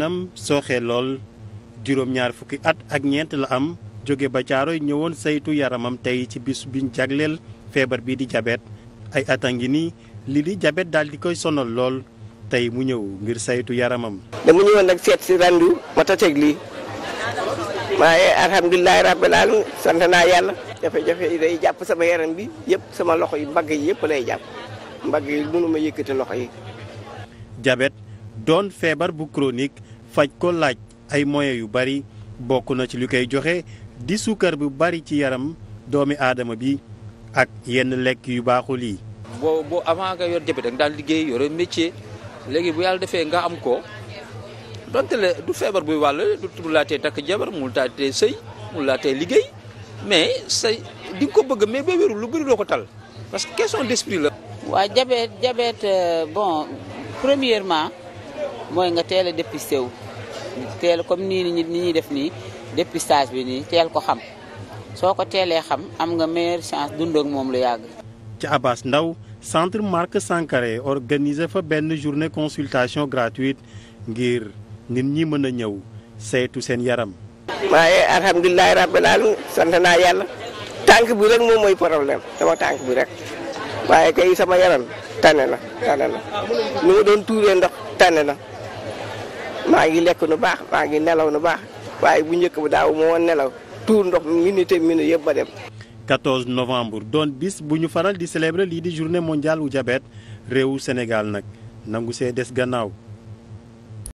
soo sooxee lool juróom-ñaar fukki at ak ñeent la am jóge ba caaro Caaroy ñëwoon saytu yaramam tey ci bis biñ jagleel feebar bii di jabet ay at a ngi nii lii di jabet daal di koy sonal lool tey mu ñëw ngir saytu yaramam. dama ñëwoon nag seet si rendu ma taseeg lii waaye alhamdulilah rabbil alamin sant naa yàlla jafe-jafe yi day jàpp sama yaram bi yëpp sama loxo yi mbagg yi yëpp lay jàpp mbagg yi mënuma yëkkati loxo yi. jabet doon feebar bu chronique faj ko laaj ay moyens yu bari bokk na ci lu koy joxe di suukar bu bari ci yaram doomi aadama bi ak yenn lekk yu baaxul yi. boo boo avant nga yor diabète nga daan liggéey yore métier léegi bu yàlla defee nga am ko donte le du feebar buy wàll du laa tee takk jabar mu laa tee sëy mu laa tee liggéey mais say di nga ko bëgg mais boo wérul lu bëri doo ko tal parce que question d'esprit la. waa diabète jabet euh, bon premièrement. mooy nga teel a dépisté wu teel comme nii ni ñuy def nii dépistage bi nii teel ko xam soo ko teelee xam am nga meilleure chance dund moom lu yàgg. ci Abass Ndao centre Marc Sankaré organiser fa benn journée consultation gratuite ngir nit ñi mën a ñëw saytu seen yaram. waaye alhamdulilah rabbil alamin sant naa yàlla tànk bi rek moom mooy problème sama tànk bi rek waaye kay sama yaram tane na tane na mu doon tuuree ndox tane na. maa ngi lekk nu baax maa ngi nelaw nu baax waaye bu njëkk bu daaw moo nelaw tuur ndox minute minute yëpp ba dem. 14 novembre doon bis bu ñu faral di célébrer lii di journée mondiale wu diabète réewu Sénégal nag nangu see des gannaaw.